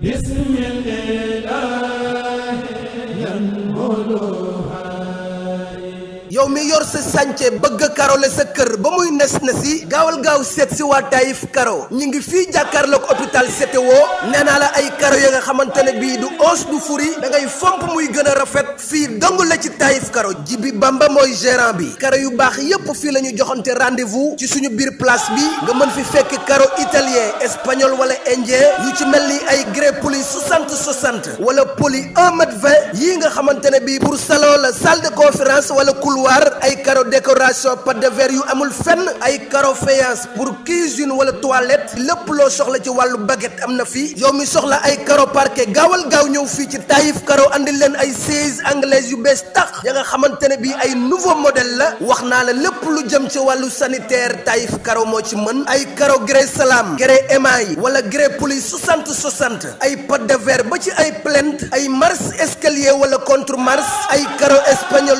bismillah yan mbooloo yow mi yor sa sànce bëgg karole sa kër ba muy nes na si gaawal gaaw seet si waa Taïf Karo ñi ngi fii jàkkaarloog hôpital CTO nee naa la ay karo ya nga xamante ne bii du os du furi da ngay fomp muy gën a rafet fii dong la ci Taïf Karo ji bi Bamba mooy gérant bi karo yu baax yépp fii la ñu joxante rendez-vous ci suñu biir place bi nga mën fi fekk karo italien espagnol wala indien yu ci mel ni ay grès poli 60 60 wala poli 1 mètre 20 nga xamante ne bii pour salon la salle de armoire ay carreaux décoration pâte de verre yu amul fenn ay carreaux faïence pour cuisine wala toilette lépp loo soxla ci wàllu bagget am na fii yow mi soxla ay carreaux parquet gaawal gaaw ñëw fii ci Taïf Carreaux andi leen ay chaises anglaises yu bees tax ya nga xamante ne bii ay nouveau model la wax naa la lépp lu jëm ci wàllu sanitaire Taïf Carreaux moo ci mën ay carreaux grès salam grès émail wala grès poli 60 60 ay pâte de verre ba ci ay plinthe ay marche escalier wala contre marche ay carreaux espagnol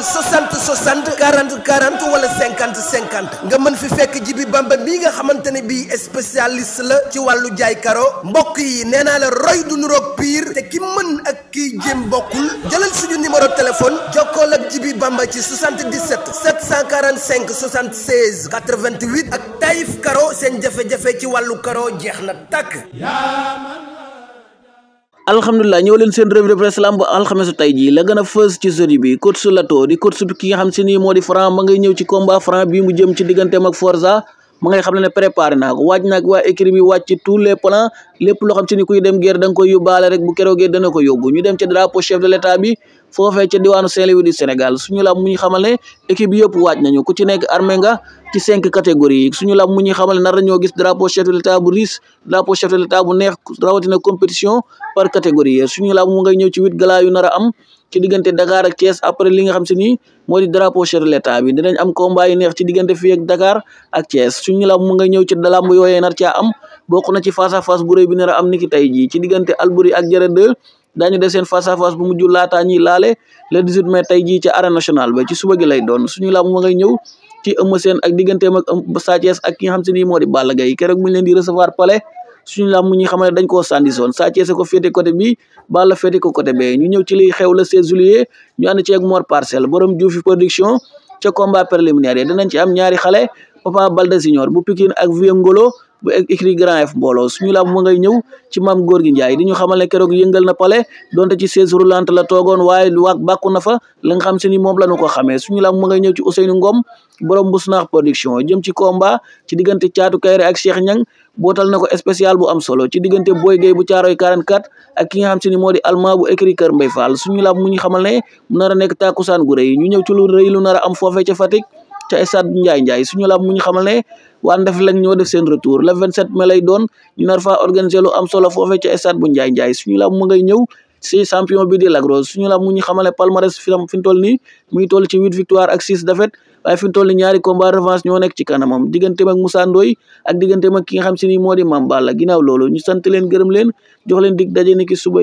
60 40 40 wala 50 50 nga mën fi fekk Jibi Bamba mii nga xamante ne bii spécialiste la ci wàllu jaay karo mbokk yi nee naa la roy du nuroog pire te ki mën ak kiy jéem bokkul jëlal suñu numéro téléphone jokkool ak Jibi Bamba ci 77 745 76 88 ak Taïf Karo seen jafe-jafe ci wàllu karo jeex na tàkk. alhamdulilah ñëw leen seen revue de presse lamb alxamesu tay ji la gën a fës ci jeudi bi coach Lato di coach bi ki xam si nii moo di Franc ma ci combat Franc bi mu jëm ci digganteem ak Forza ma xam ne préparé naa ko waaj naag waa écrit bi wàcc tous les plans lépp loo xam si ni kuy dem guerre da koy yóbbaale rek bu keroogee dana ko yóbbu ñu dem ci drapeau chef de l'état bi foofee ca diwaanu Saint-Louis du Sénégal suñu lam mu ñu xamal ne équipe yëpp waaj nañu ku ci nekk armé nga ci cinq catégories suñu lam mu ñu xamal ne nar gis drapeau chef de l'état bu riis drapeau chef de l'état bu neex rawatina compétition par catégorie suñu lam mu ngay ñëw ci huit gala yu nar am ci diggante Dakar ak Thiès après linga xam si ni moo di drapeau chef de l'état bi dinañ am combat yu neex ci diggante fii ak Dakar ak Thiès suñu lam mu ngay ñëw ci lamb yooyee nar caa am bokk na ci face à bu rëy bi nar a am niki tey jii ci diggante Albury ak Jara 2 daañu def seen face à face bu mujj laataa ñuy laale le 18 mai tey jii ca arène nationale ba ci suba gi lay doon suñu làmb ma ngay ñëw ci Eumeu Sène ak digganteem ak Sa Thiès ki nga xam se nii moo di Balla Gaye keroog mu leen di recevoir palais suñu làmb mu ñuy xam ne dañ koo sandi zone Sa Thiès ko féete côté bi Balla féete ko côté bee ñu ñëw ci liy xew la 16 ñu ànd ci ak Mor Parcelle borom Diouf production ca combat préliminaire yi ci am ñaari xale Papa Balde Senior ak Ngolo bu écrit Grand F mbooloo suñu làmb ma ngay ñëw ci maam góor gi Njaay di ñu xamal ne keroog yëngal na pale donte ci chaise roulante la toogoon waaye waak bàkku na fa xam se ni moom la ñu ko xamee suñu làmb ma ngay ñëw ci Ousseynou Ngom borom Bousnakh production jëm ci combat ci diggante Caatu Kayre ak Cheikh Ñang bootal na ko spécial bu am solo ci diggante Boy Gueye bu Caaroy 44 ak ki moo di Alma bu écrit Kër Mbay Fall suñu làmb mu ñu xamal ne nar a nekk tàkkusaan gu rëy ñu ñëw ci lu rëy lu a am foofee ca Fatick ca stade Ndiaye Ndiaye suñu lam mu ñu xamal ne waa Ndefleng ñoo def seen retour le 27 mai lay doon ñu nar faa organiser lu am solo foofee ca stade bu Ndiaye Ndiaye suñu lam mu ngay ñëw si champion bi di Lagros suñu lam ñu xamal ne palmarès fi mu toll nii muy toll ci huit victoire ak six défaites waaye fi mu toll nii ñaari ñoo nekk ci kanamam digganteem ak Moussa Ndoye ak digganteem ak ki nga xam si ni moo di Mame Balla ginnaaw loolu ñu sant leen gërëm leen jox leen dig daje ni ki suba